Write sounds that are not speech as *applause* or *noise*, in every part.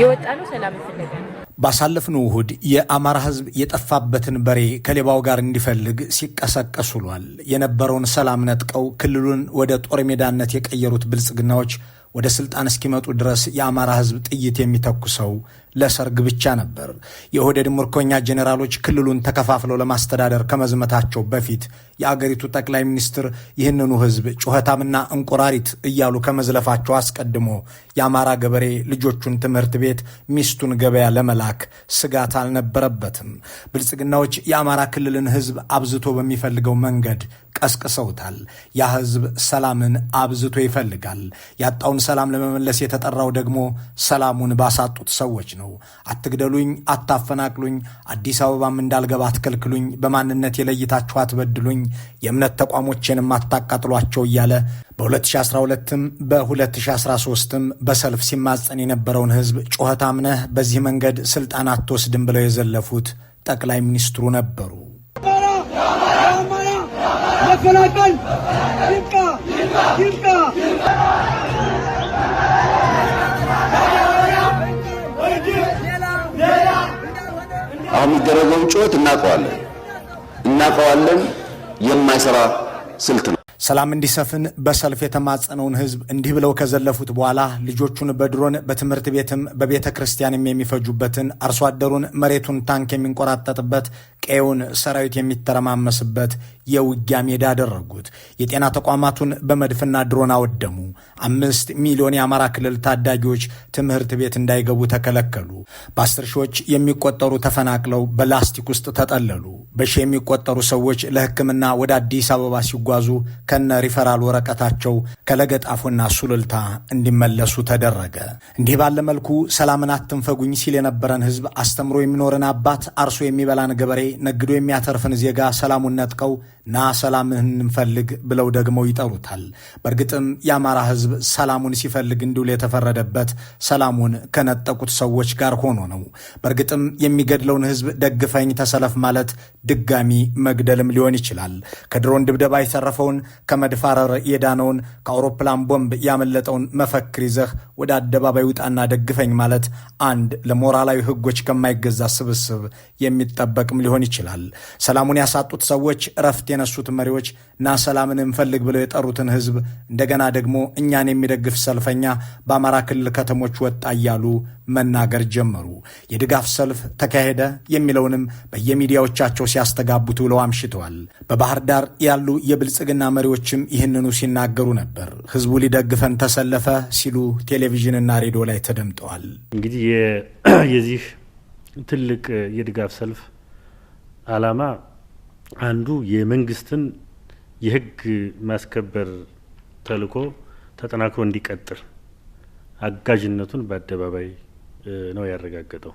የወጣ ነው ሰላም ፍለጋ ነው። ባሳለፍነው እሁድ የአማራ ሕዝብ የጠፋበትን በሬ ከሌባው ጋር እንዲፈልግ ሲቀሰቀስ ውሏል። የነበረውን ሰላም ነጥቀው ክልሉን ወደ ጦር ሜዳነት የቀየሩት ብልጽግናዎች ወደ ስልጣን እስኪመጡ ድረስ የአማራ ሕዝብ ጥይት የሚተኩሰው ለሰርግ ብቻ ነበር። የኦህዴድ ምርኮኛ ጄኔራሎች ክልሉን ተከፋፍለው ለማስተዳደር ከመዝመታቸው በፊት የአገሪቱ ጠቅላይ ሚኒስትር ይህንኑ ህዝብ ጩኸታምና እንቁራሪት እያሉ ከመዝለፋቸው አስቀድሞ የአማራ ገበሬ ልጆቹን ትምህርት ቤት፣ ሚስቱን ገበያ ለመላክ ስጋት አልነበረበትም። ብልጽግናዎች የአማራ ክልልን ህዝብ አብዝቶ በሚፈልገው መንገድ ቀስቅሰውታል። ያ ህዝብ ሰላምን አብዝቶ ይፈልጋል። ያጣውን ሰላም ለመመለስ የተጠራው ደግሞ ሰላሙን ባሳጡት ሰዎች ነው። አትግደሉኝ፣ አታፈናቅሉኝ፣ አዲስ አበባም እንዳልገባ አትከልክሉኝ፣ በማንነት የለይታችሁ አትበድሉኝ፣ የእምነት ተቋሞቼንም አታቃጥሏቸው እያለ በ2012ም በ2013ም በሰልፍ ሲማጸን የነበረውን ህዝብ ጩኸት አምነህ በዚህ መንገድ ስልጣን አትወስድም ብለው የዘለፉት ጠቅላይ ሚኒስትሩ ነበሩ። ይብቃ ይብቃ አሁን የሚደረገውን ጩኸት እናውቀዋለን እናውቀዋለን። የማይሰራ ስልት ነው። ሰላም እንዲሰፍን በሰልፍ የተማጸነውን ህዝብ እንዲህ ብለው ከዘለፉት በኋላ ልጆቹን በድሮን በትምህርት ቤትም በቤተ ክርስቲያንም የሚፈጁበትን አርሶ አደሩን መሬቱን ታንክ የሚንቆራጠጥበት ቀየውን ሰራዊት የሚተረማመስበት የውጊያ ሜዳ አደረጉት። የጤና ተቋማቱን በመድፍና ድሮን አወደሙ። አምስት ሚሊዮን የአማራ ክልል ታዳጊዎች ትምህርት ቤት እንዳይገቡ ተከለከሉ። በአስር ሺዎች የሚቆጠሩ ተፈናቅለው በላስቲክ ውስጥ ተጠለሉ። በሺ የሚቆጠሩ ሰዎች ለሕክምና ወደ አዲስ አበባ ሲጓዙ ከነ ሪፈራል ወረቀታቸው ከለገጣፎና ሱሉልታ እንዲመለሱ ተደረገ። እንዲህ ባለ መልኩ ሰላምን አትንፈጉኝ ሲል የነበረን ህዝብ አስተምሮ የሚኖርን አባት፣ አርሶ የሚበላን ገበሬ፣ ነግዶ የሚያተርፍን ዜጋ ሰላሙን ነጥቀው ና ሰላምህን እንፈልግ ብለው ደግሞ ይጠሩታል። በእርግጥም የአማራ ህዝብ ሰላሙን ሲፈልግ እንዲውል የተፈረደበት ሰላሙን ከነጠቁት ሰዎች ጋር ሆኖ ነው። በእርግጥም የሚገድለውን ህዝብ ደግፈኝ ተሰለፍ ማለት ድጋሚ መግደልም ሊሆን ይችላል። ከድሮን ድብደባ የተረፈውን ከመድፋረር የዳነውን ከአውሮፕላን ቦምብ ያመለጠውን መፈክር ይዘህ ወደ አደባባይ ውጣና ደግፈኝ ማለት አንድ ለሞራላዊ ሕጎች ከማይገዛ ስብስብ የሚጠበቅም ሊሆን ይችላል። ሰላሙን ያሳጡት ሰዎች፣ እረፍት የነሱት መሪዎች ና ሰላምን እንፈልግ ብለው የጠሩትን ሕዝብ እንደገና ደግሞ እኛን የሚደግፍ ሰልፈኛ በአማራ ክልል ከተሞች ወጣ እያሉ መናገር ጀመሩ። የድጋፍ ሰልፍ ተካሄደ የሚለውንም በየሚዲያዎቻቸው ሲያስተጋቡት ውለው አምሽተዋል። በባህር ዳር ያሉ የብልጽግና መሪዎች ሌሎችም ይህንኑ ሲናገሩ ነበር። ህዝቡ ሊደግፈን ተሰለፈ ሲሉ ቴሌቪዥንና ሬዲዮ ላይ ተደምጠዋል። እንግዲህ *clears throat* የዚህ ትልቅ የድጋፍ ሰልፍ አላማ አንዱ የመንግስትን የህግ ማስከበር ተልኮ ተጠናክሮ እንዲቀጥል አጋዥነቱን በአደባባይ ነው ያረጋገጠው።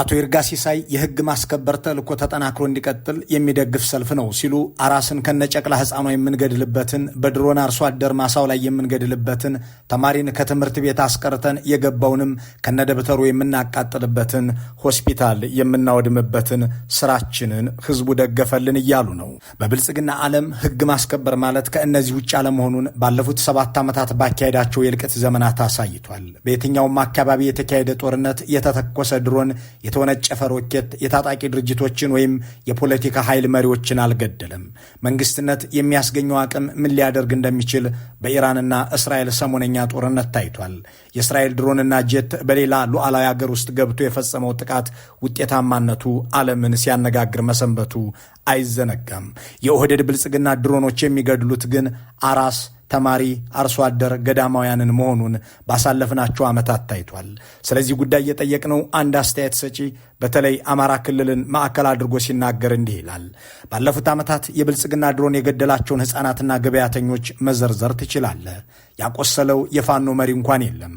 አቶ ይርጋ ሲሳይ የህግ ማስከበር ተልእኮ ተጠናክሮ እንዲቀጥል የሚደግፍ ሰልፍ ነው ሲሉ አራስን ከነጨቅላ ህፃኗ የምንገድልበትን በድሮን አርሶ አደር ማሳው ላይ የምንገድልበትን ተማሪን ከትምህርት ቤት አስቀርተን የገባውንም ከነደብተሩ የምናቃጥልበትን ሆስፒታል የምናወድምበትን ስራችንን ህዝቡ ደገፈልን እያሉ ነው። በብልጽግና ዓለም ህግ ማስከበር ማለት ከእነዚህ ውጭ አለመሆኑን ባለፉት ሰባት ዓመታት ባካሄዳቸው የልቀት ዘመናት አሳይቷል። በየትኛውም አካባቢ የተካሄደ ጦርነት የተተኮሰ ድሮን የተወነጨፈ ሮኬት የታጣቂ ድርጅቶችን ወይም የፖለቲካ ኃይል መሪዎችን አልገደለም። መንግስትነት የሚያስገኘው አቅም ምን ሊያደርግ እንደሚችል በኢራንና እስራኤል ሰሞነኛ ጦርነት ታይቷል። የእስራኤል ድሮንና ጄት በሌላ ሉዓላዊ አገር ውስጥ ገብቶ የፈጸመው ጥቃት ውጤታማነቱ ዓለምን ሲያነጋግር መሰንበቱ አይዘነጋም። የኦህዴድ ብልጽግና ድሮኖች የሚገድሉት ግን አራስ ተማሪ አርሶ አደር ገዳማውያንን መሆኑን ባሳለፍናቸው ዓመታት ታይቷል። ስለዚህ ጉዳይ የጠየቅነው አንድ አስተያየት ሰጪ በተለይ አማራ ክልልን ማዕከል አድርጎ ሲናገር እንዲህ ይላል። ባለፉት ዓመታት የብልጽግና ድሮን የገደላቸውን ሕፃናትና ገበያተኞች መዘርዘር ትችላለህ። ያቆሰለው የፋኖ መሪ እንኳን የለም።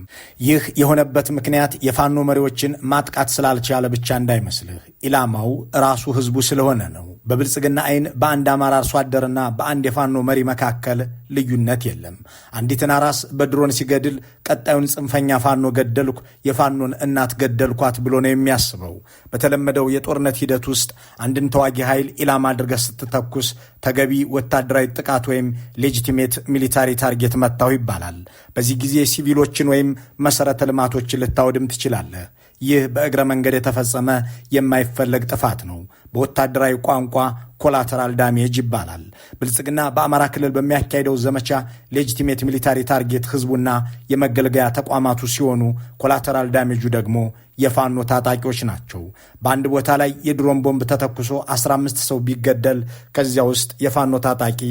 ይህ የሆነበት ምክንያት የፋኖ መሪዎችን ማጥቃት ስላልቻለ ብቻ እንዳይመስልህ፣ ኢላማው ራሱ ህዝቡ ስለሆነ ነው። በብልጽግና አይን በአንድ አማራ አርሶ አደርና በአንድ የፋኖ መሪ መካከል ልዩነት የለም። አንዲትን አራስ በድሮን ሲገድል ቀጣዩን ጽንፈኛ ፋኖ ገደልኩ፣ የፋኖን እናት ገደልኳት ብሎ ነው የሚያስበው። በተለመደው የጦርነት ሂደት ውስጥ አንድን ተዋጊ ኃይል ኢላማ አድርገህ ስትተኩስ ተገቢ ወታደራዊ ጥቃት ወይም ሌጂቲሜት ሚሊታሪ ታርጌት መታው ይባላል። በዚህ ጊዜ ሲቪሎችን ወይም መሰረተ ልማቶችን ልታወድም ትችላለህ። ይህ በእግረ መንገድ የተፈጸመ የማይፈለግ ጥፋት ነው። በወታደራዊ ቋንቋ ኮላተራል ዳሜጅ ይባላል። ብልጽግና በአማራ ክልል በሚያካሄደው ዘመቻ ሌጂቲሜት ሚሊታሪ ታርጌት ህዝቡና የመገልገያ ተቋማቱ ሲሆኑ ኮላተራል ዳሜጁ ደግሞ የፋኖ ታጣቂዎች ናቸው። በአንድ ቦታ ላይ የድሮን ቦምብ ተተኩሶ 15 ሰው ቢገደል ከዚያ ውስጥ የፋኖ ታጣቂ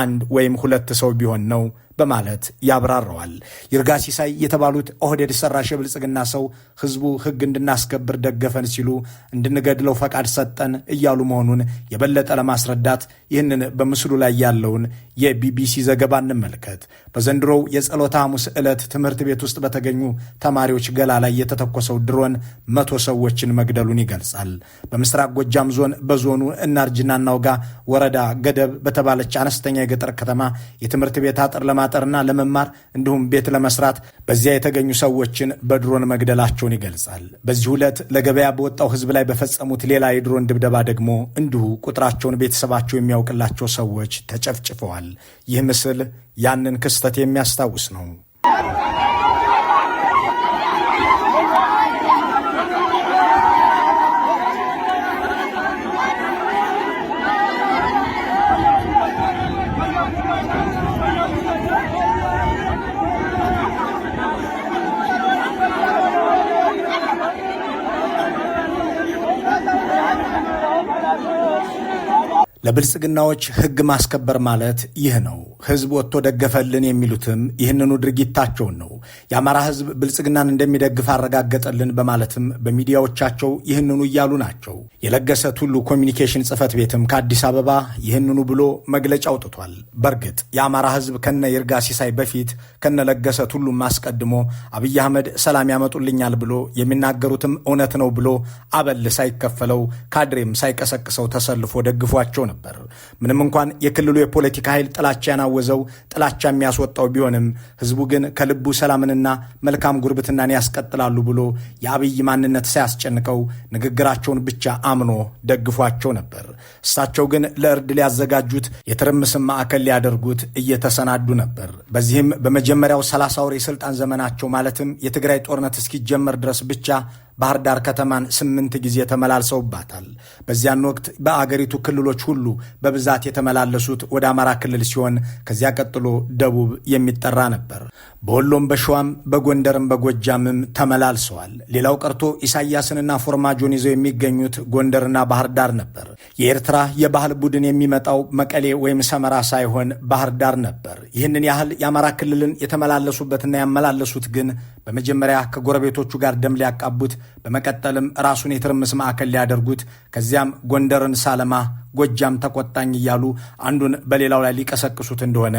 አንድ ወይም ሁለት ሰው ቢሆን ነው በማለት ያብራረዋል። ይርጋ ሲሳይ የተባሉት ኦህዴድ ሰራሽ የብልጽግና ሰው ህዝቡ ህግ እንድናስከብር ደገፈን ሲሉ እንድንገድለው ፈቃድ ሰጠን እያሉ መሆኑን የበለጠ ለማስረዳት ይህንን በምስሉ ላይ ያለውን የቢቢሲ ዘገባ እንመልከት። በዘንድሮው የጸሎተ ሐሙስ ዕለት ትምህርት ቤት ውስጥ በተገኙ ተማሪዎች ገላ ላይ የተተኮሰው ድሮን መቶ ሰዎችን መግደሉን ይገልጻል። በምስራቅ ጎጃም ዞን በዞኑ እናርጅና እናውጋ ወረዳ ገደብ በተባለች አነስተኛ የገጠር ከተማ የትምህርት ቤት አጥር ለማጠርና ለመማር እንዲሁም ቤት ለመስራት በዚያ የተገኙ ሰዎችን በድሮን መግደላቸውን ይገልጻል። በዚህ ዕለት ለገበያ በወጣው ህዝብ ላይ በፈጸሙት ሌላ የድሮን ድብደባ ደግሞ እንዲሁ ቁጥራቸውን ቤተሰባቸው የሚያውቅላቸው ሰዎች ተጨፍጭፈዋል። ይህ ምስል ያንን ክስተት የሚያስታውስ ነው። ለብልጽግናዎች ህግ ማስከበር ማለት ይህ ነው ህዝብ ወጥቶ ደገፈልን የሚሉትም ይህንኑ ድርጊታቸውን ነው። የአማራ ህዝብ ብልጽግናን እንደሚደግፍ አረጋገጠልን በማለትም በሚዲያዎቻቸው ይህንኑ እያሉ ናቸው። የለገሰ ቱሉ ኮሚኒኬሽን ጽህፈት ቤትም ከአዲስ አበባ ይህንኑ ብሎ መግለጫ አውጥቷል። በእርግጥ የአማራ ህዝብ ከነ ይርጋ ሲሳይ በፊት ከነ ለገሰ ቱሉም አስቀድሞ አብይ አህመድ ሰላም ያመጡልኛል ብሎ የሚናገሩትም እውነት ነው ብሎ አበል ሳይከፈለው ካድሬም ሳይቀሰቅሰው ተሰልፎ ደግፏቸው ነበር። ምንም እንኳን የክልሉ የፖለቲካ ኃይል ጥላቻ የሚያወዘው ጥላቻ የሚያስወጣው ቢሆንም ህዝቡ ግን ከልቡ ሰላምንና መልካም ጉርብትናን ያስቀጥላሉ ብሎ የአብይ ማንነት ሳያስጨንቀው ንግግራቸውን ብቻ አምኖ ደግፏቸው ነበር። እሳቸው ግን ለእርድ ሊያዘጋጁት የትርምስን ማዕከል ሊያደርጉት እየተሰናዱ ነበር። በዚህም በመጀመሪያው ሰላሳ ወር የስልጣን ዘመናቸው ማለትም የትግራይ ጦርነት እስኪጀመር ድረስ ብቻ ባህር ዳር ከተማን ስምንት ጊዜ ተመላልሰውባታል። በዚያን ወቅት በአገሪቱ ክልሎች ሁሉ በብዛት የተመላለሱት ወደ አማራ ክልል ሲሆን ከዚያ ቀጥሎ ደቡብ የሚጠራ ነበር። በወሎም በሸዋም በጎንደርም በጎጃምም ተመላልሰዋል። ሌላው ቀርቶ ኢሳያስንና ፎርማጆን ይዘው የሚገኙት ጎንደርና ባህር ዳር ነበር። የኤርትራ የባህል ቡድን የሚመጣው መቀሌ ወይም ሰመራ ሳይሆን ባህር ዳር ነበር። ይህንን ያህል የአማራ ክልልን የተመላለሱበትና ያመላለሱት ግን በመጀመሪያ ከጎረቤቶቹ ጋር ደም ሊያቃቡት፣ በመቀጠልም ራሱን የትርምስ ማዕከል ሊያደርጉት፣ ከዚያም ጎንደርን ሳለማ ጎጃም ተቆጣኝ እያሉ አንዱን በሌላው ላይ ሊቀሰቅሱት እንደሆነ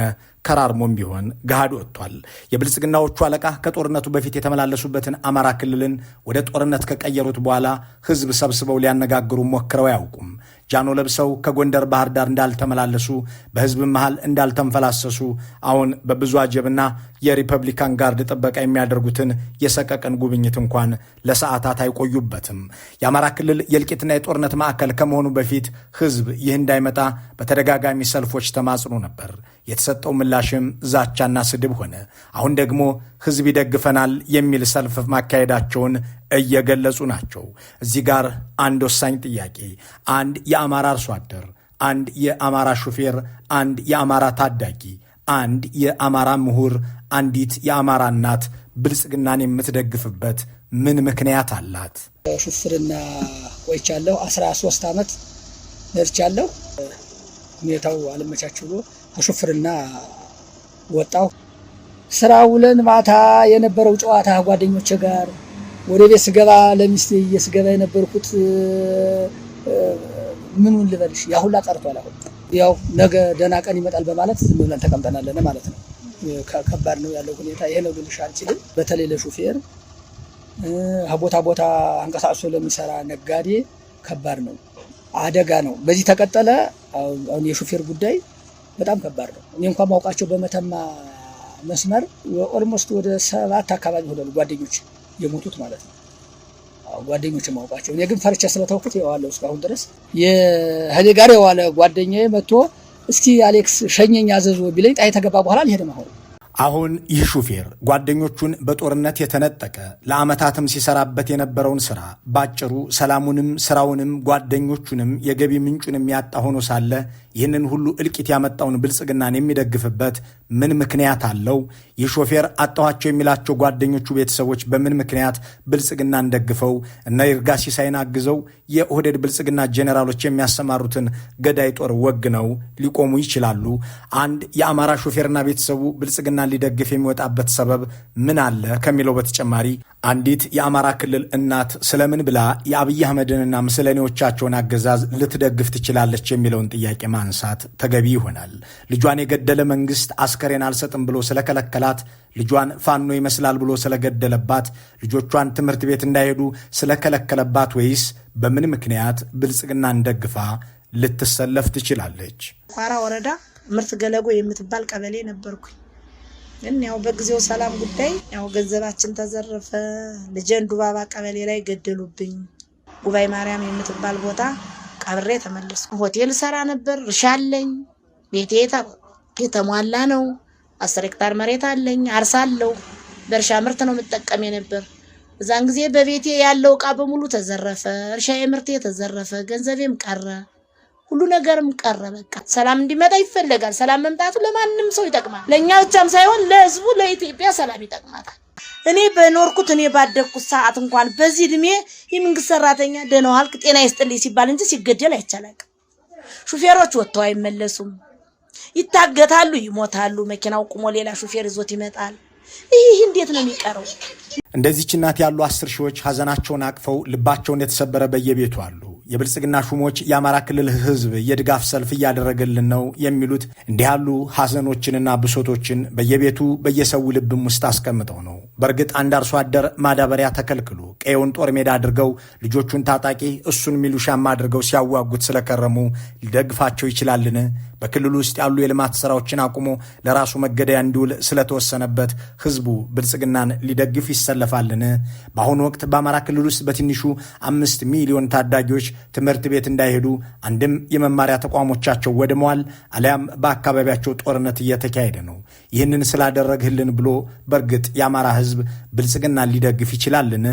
ከራርሞም ቢሆን ገሃድ ወጥቷል። የብልጽግናዎቹ አለቃ ከጦርነቱ በፊት የተመላለሱበትን አማራ ክልልን ወደ ጦርነት ከቀየሩት በኋላ ህዝብ ሰብስበው ሊያነጋግሩ ሞክረው አያውቁም። ጃኖ ለብሰው ከጎንደር ባህር ዳር እንዳልተመላለሱ፣ በህዝብ መሃል እንዳልተንፈላሰሱ አሁን በብዙ አጀብና የሪፐብሊካን ጋርድ ጥበቃ የሚያደርጉትን የሰቀቀን ጉብኝት እንኳን ለሰዓታት አይቆዩበትም። የአማራ ክልል የእልቂትና የጦርነት ማዕከል ከመሆኑ በፊት ህዝብ ህዝብ ይህ እንዳይመጣ በተደጋጋሚ ሰልፎች ተማጽኖ ነበር። የተሰጠው ምላሽም ዛቻና ስድብ ሆነ። አሁን ደግሞ ህዝብ ይደግፈናል የሚል ሰልፍ ማካሄዳቸውን እየገለጹ ናቸው። እዚህ ጋር አንድ ወሳኝ ጥያቄ፣ አንድ የአማራ አርሶ አደር፣ አንድ የአማራ ሹፌር፣ አንድ የአማራ ታዳጊ፣ አንድ የአማራ ምሁር፣ አንዲት የአማራ እናት ብልጽግናን የምትደግፍበት ምን ምክንያት አላት? ሹፍርና ቆይቻለሁ 13 ዓመት ነርቻለሁ። ሁኔታው አልመቻች ብሎ ከሹፍርና ወጣሁ። ስራ ውለን ማታ የነበረው ጨዋታ ጓደኞቼ ጋር ወደ ቤት ስገባ ለሚስት እየስገባ የነበርኩት ምኑን ልበልሽ ያሁላ ቀርቷል። አሁን ያው ነገ ደህና ቀን ይመጣል በማለት ዝም ብለን ተቀምጠናለን ማለት ነው። ከባድ ነው ያለው ሁኔታ ይሄ ነው ልልሽ አልችልም። በተለይ ለሹፌር ከቦታ ቦታ አንቀሳቅሶ ለሚሰራ ነጋዴ ከባድ ነው። አደጋ ነው። በዚህ ተቀጠለ አሁን የሹፌር ጉዳይ በጣም ከባድ ነው። እኔ እንኳን ማውቃቸው በመተማ መስመር ኦልሞስት ወደ ሰባት አካባቢ ሆናሉ ጓደኞች የሞቱት ማለት ነው። ጓደኞች ማውቃቸው እኔ ግን ፈርቻ ስለተውኩት የዋለው እስካሁን ድረስ የህሌ ጋር የዋለ ጓደኛዬ መጥቶ እስኪ አሌክስ ሸኘኝ አዘዞ ቢለኝ ጣይ ተገባ በኋላ አልሄድም አሁን አሁን ይህ ሹፌር ጓደኞቹን በጦርነት የተነጠቀ ለዓመታትም ሲሰራበት የነበረውን ስራ ባጭሩ ሰላሙንም ስራውንም ጓደኞቹንም የገቢ ምንጩንም ያጣ ሆኖ ሳለ ይህንን ሁሉ እልቂት ያመጣውን ብልጽግናን የሚደግፍበት ምን ምክንያት አለው? ይህ ሾፌር አጣኋቸው የሚላቸው ጓደኞቹ ቤተሰቦች በምን ምክንያት ብልጽግናን ደግፈው እነ ይርጋ ሲሳይን አግዘው የኦህዴድ ብልጽግና ጄኔራሎች የሚያሰማሩትን ገዳይ ጦር ወግነው ሊቆሙ ይችላሉ? አንድ የአማራ ሾፌርና ቤተሰቡ ብልጽግና ሊደግፍ የሚወጣበት ሰበብ ምን አለ ከሚለው በተጨማሪ አንዲት የአማራ ክልል እናት ስለምን ብላ የአብይ አህመድንና ምስለኔዎቻቸውን አገዛዝ ልትደግፍ ትችላለች የሚለውን ጥያቄ ማንሳት ተገቢ ይሆናል። ልጇን የገደለ መንግስት አስከሬን አልሰጥም ብሎ ስለከለከላት፣ ልጇን ፋኖ ይመስላል ብሎ ስለገደለባት፣ ልጆቿን ትምህርት ቤት እንዳይሄዱ ስለከለከለባት ወይስ በምን ምክንያት ብልጽግናን ደግፋ ልትሰለፍ ትችላለች? ኳራ ወረዳ ምርት ገለጎ የምትባል ቀበሌ ነበርኩኝ። ግን ያው በጊዜው ሰላም ጉዳይ ያው ገንዘባችን ተዘረፈ። ልጄን ዱባባ ቀበሌ ላይ ገደሉብኝ። ጉባኤ ማርያም የምትባል ቦታ ቀብሬ ተመለስኩ። ሆቴል ሰራ ነበር። እርሻ አለኝ። ቤቴ የተሟላ ነው። አስር ሄክታር መሬት አለኝ። አርሳለሁ። በእርሻ ምርት ነው የምጠቀም የነበር። እዛን ጊዜ በቤቴ ያለው እቃ በሙሉ ተዘረፈ። እርሻዬ ምርቴ ተዘረፈ። ገንዘቤም ቀረ። ሁሉ ነገርም ቀረ። በቃ ሰላም እንዲመጣ ይፈለጋል። ሰላም መምጣቱ ለማንም ሰው ይጠቅማል። ለእኛ ብቻም ሳይሆን ለህዝቡ፣ ለኢትዮጵያ ሰላም ይጠቅማታል። እኔ በኖርኩት እኔ ባደግኩት ሰዓት እንኳን በዚህ እድሜ የመንግስት ሰራተኛ ደህና ዋልክ ጤና ይስጥልኝ ሲባል እንጂ ሲገደል አይቻልም። ሹፌሮች ወጥተው አይመለሱም፣ ይታገታሉ፣ ይሞታሉ። መኪናው ቁሞ ሌላ ሹፌር ይዞት ይመጣል። ይህ እንዴት ነው የሚቀረው? እንደዚች እናት ያሉ አስር ሺዎች ሀዘናቸውን አቅፈው ልባቸውን የተሰበረ በየቤቱ አሉ። የብልጽግና ሹሞች የአማራ ክልል ህዝብ የድጋፍ ሰልፍ እያደረገልን ነው የሚሉት እንዲህ ያሉ ሐዘኖችንና ብሶቶችን በየቤቱ በየሰው ልብም ውስጥ አስቀምጠው ነው። በእርግጥ አንድ አርሶ አደር ማዳበሪያ ተከልክሎ ቀየውን ጦር ሜዳ አድርገው ልጆቹን ታጣቂ እሱን ሚሉሻም አድርገው ሲያዋጉት ስለከረሙ ሊደግፋቸው ይችላልን? በክልሉ ውስጥ ያሉ የልማት ስራዎችን አቁሞ ለራሱ መገደያ እንዲውል ስለተወሰነበት ህዝቡ ብልጽግናን ሊደግፍ ይሰለፋልን? በአሁኑ ወቅት በአማራ ክልል ውስጥ በትንሹ አምስት ሚሊዮን ታዳጊዎች ትምህርት ቤት እንዳይሄዱ አንድም የመማሪያ ተቋሞቻቸው ወድመዋል፣ አሊያም በአካባቢያቸው ጦርነት እየተካሄደ ነው። ይህንን ስላደረግህልን ብሎ በእርግጥ የአማራ ህዝብ ብልጽግናን ሊደግፍ ይችላልን?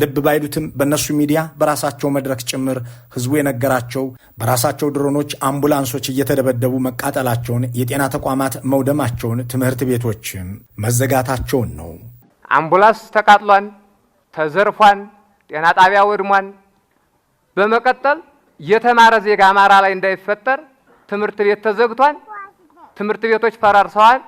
ልብ ባይሉትም በእነሱ ሚዲያ በራሳቸው መድረክ ጭምር ህዝቡ የነገራቸው በራሳቸው ድሮኖች፣ አምቡላንሶች እየተደበደቡ መቃጠላቸውን፣ የጤና ተቋማት መውደማቸውን፣ ትምህርት ቤቶችም መዘጋታቸውን ነው። አምቡላንስ ተቃጥሏን፣ ተዘርፏን፣ ጤና ጣቢያ ወድሟን። በመቀጠል የተማረ ዜጋ አማራ ላይ እንዳይፈጠር ትምህርት ቤት ተዘግቷን፣ ትምህርት ቤቶች ፈራርሰዋል፣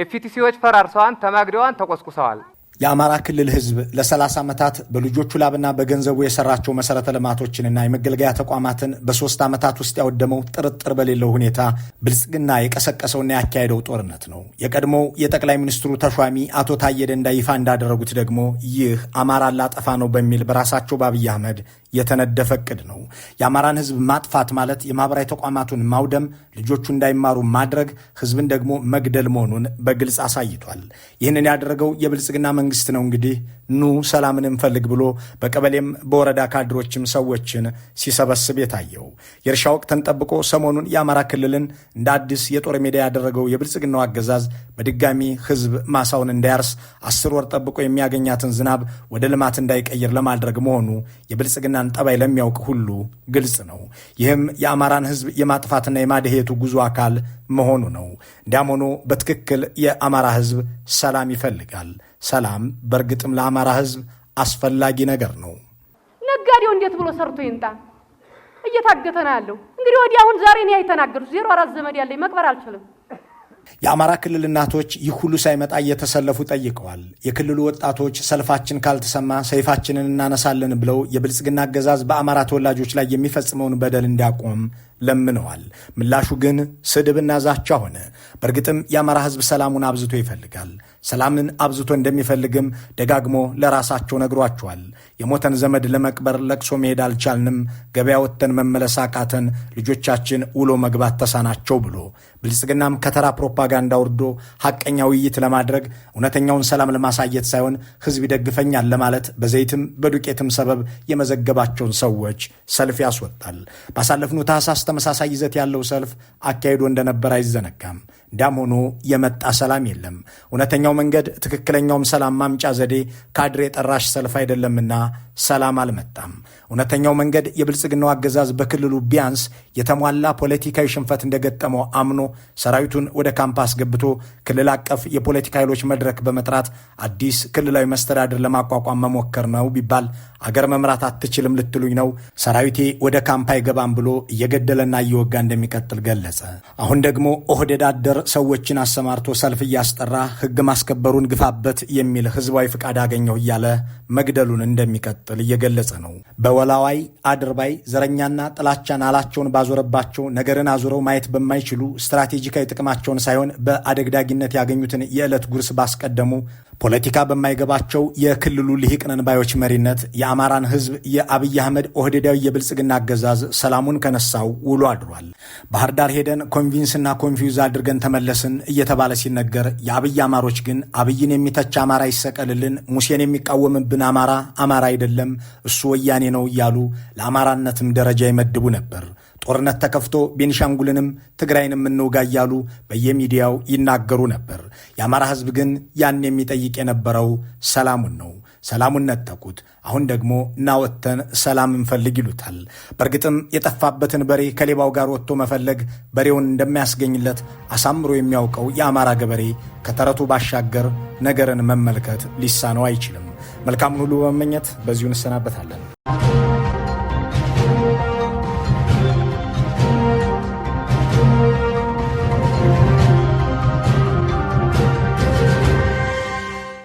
የፊቲሲዎች ፈራርሰዋን፣ ተማግደዋን፣ ተቆስቁሰዋል። የአማራ ክልል ህዝብ ለ30 ዓመታት በልጆቹ ላብና በገንዘቡ የሰራቸው መሰረተ ልማቶችንና የመገልገያ ተቋማትን በሶስት ዓመታት ውስጥ ያወደመው ጥርጥር በሌለው ሁኔታ ብልጽግና የቀሰቀሰውና ያካሄደው ጦርነት ነው። የቀድሞው የጠቅላይ ሚኒስትሩ ተሿሚ አቶ ታየደ ደንደአ ይፋ እንዳደረጉት ደግሞ ይህ አማራን ላጠፋ ነው በሚል በራሳቸው በአብይ አህመድ የተነደፈ እቅድ ነው። የአማራን ህዝብ ማጥፋት ማለት የማህበራዊ ተቋማቱን ማውደም፣ ልጆቹ እንዳይማሩ ማድረግ፣ ህዝብን ደግሞ መግደል መሆኑን በግልጽ አሳይቷል። ይህንን ያደረገው የብልጽግና መንግስት ነው። እንግዲህ ኑ ሰላምን እንፈልግ ብሎ በቀበሌም በወረዳ ካድሮችም ሰዎችን ሲሰበስብ የታየው የእርሻ ወቅትን ጠብቆ ሰሞኑን የአማራ ክልልን እንደ አዲስ የጦር ሜዳ ያደረገው የብልጽግናው አገዛዝ በድጋሚ ህዝብ ማሳውን እንዳያርስ አስር ወር ጠብቆ የሚያገኛትን ዝናብ ወደ ልማት እንዳይቀይር ለማድረግ መሆኑ የብልጽግና የአማራን ጠባይ ለሚያውቅ ሁሉ ግልጽ ነው። ይህም የአማራን ሕዝብ የማጥፋትና የማድሄቱ ጉዞ አካል መሆኑ ነው። እንዲያም ሆኖ በትክክል የአማራ ሕዝብ ሰላም ይፈልጋል። ሰላም በእርግጥም ለአማራ ሕዝብ አስፈላጊ ነገር ነው። ነጋዴው እንዴት ብሎ ሰርቶ ይንጣ? እየታገተ ነው ያለው። እንግዲህ ወዲህ አሁን ዛሬ እኔ ዜሮ አራት ዘመድ ያለኝ መቅበር አልችልም የአማራ ክልል እናቶች ይህ ሁሉ ሳይመጣ እየተሰለፉ ጠይቀዋል። የክልሉ ወጣቶች ሰልፋችን ካልተሰማ ሰይፋችንን እናነሳለን ብለው የብልጽግና አገዛዝ በአማራ ተወላጆች ላይ የሚፈጽመውን በደል እንዲያቆም ለምነዋል። ምላሹ ግን ስድብና ዛቻ ሆነ። በእርግጥም የአማራ ህዝብ ሰላሙን አብዝቶ ይፈልጋል። ሰላምን አብዝቶ እንደሚፈልግም ደጋግሞ ለራሳቸው ነግሯቸዋል። የሞተን ዘመድ ለመቅበር ለቅሶ መሄድ አልቻልንም፣ ገበያ ወጥተን መመለስ አቃተን፣ ልጆቻችን ውሎ መግባት ተሳናቸው ብሎ ብልጽግናም ከተራ ፕሮፓጋንዳ ወርዶ ሐቀኛ ውይይት ለማድረግ እውነተኛውን ሰላም ለማሳየት ሳይሆን ህዝብ ይደግፈኛል ለማለት በዘይትም በዱቄትም ሰበብ የመዘገባቸውን ሰዎች ሰልፍ ያስወጣል። ባሳለፍኑ ታህሳስ ተመሳሳይ ይዘት ያለው ሰልፍ አካሂዶ እንደነበር አይዘነጋም። እንዲያም ሆኖ የመጣ ሰላም የለም። እውነተኛው መንገድ፣ ትክክለኛውም ሰላም ማምጫ ዘዴ ካድሬ ጠራሽ ሰልፍ አይደለምና ሰላም አልመጣም። እውነተኛው መንገድ የብልጽግናው አገዛዝ በክልሉ ቢያንስ የተሟላ ፖለቲካዊ ሽንፈት እንደገጠመው አምኖ ሰራዊቱን ወደ ካምፕ አስገብቶ ክልል አቀፍ የፖለቲካ ኃይሎች መድረክ በመጥራት አዲስ ክልላዊ መስተዳድር ለማቋቋም መሞከር ነው ቢባል አገር መምራት አትችልም ልትሉኝ ነው? ሰራዊቴ ወደ ካምፕ አይገባም ብሎ እየገደለና እየወጋ እንደሚቀጥል ገለጸ። አሁን ደግሞ ኦህዴድ አደር ሰዎችን አሰማርቶ ሰልፍ እያስጠራ ህግ ማስከበሩን ግፋበት የሚል ህዝባዊ ፍቃድ አገኘሁ እያለ መግደሉን እንደሚቀጥል እየገለጸ ነው። ወላዋይ፣ አድርባይ፣ ዘረኛና ጥላቻን አላቸውን ባዞረባቸው ነገርን አዙረው ማየት በማይችሉ ስትራቴጂካዊ ጥቅማቸውን ሳይሆን በአደግዳጊነት ያገኙትን የዕለት ጉርስ ባስቀደሙ ፖለቲካ በማይገባቸው የክልሉ ልሂቅነን ባዮች መሪነት የአማራን ህዝብ የአብይ አህመድ ኦህዴዳዊ የብልጽግና አገዛዝ ሰላሙን ከነሳው ውሎ አድሯል። ባህር ዳር ሄደን ኮንቪንስና ኮንፊውዝ አድርገን ተመለስን እየተባለ ሲነገር የአብይ አማሮች ግን አብይን የሚተች አማራ ይሰቀልልን፣ ሙሴን የሚቃወምብን አማራ አማራ አይደለም እሱ ወያኔ ነው እያሉ ለአማራነትም ደረጃ ይመድቡ ነበር። ጦርነት ተከፍቶ ቤንሻንጉልንም ትግራይንም እንውጋ እያሉ በየሚዲያው ይናገሩ ነበር። የአማራ ሕዝብ ግን ያን የሚጠይቅ የነበረው ሰላሙን ነው። ሰላሙን ነጠቁት። አሁን ደግሞ እናወጥተን ሰላም እንፈልግ ይሉታል። በእርግጥም የጠፋበትን በሬ ከሌባው ጋር ወጥቶ መፈለግ በሬውን እንደሚያስገኝለት አሳምሮ የሚያውቀው የአማራ ገበሬ ከተረቱ ባሻገር ነገርን መመልከት ሊሳነው አይችልም። መልካሙን ሁሉ በመመኘት በዚሁ እንሰናበታለን።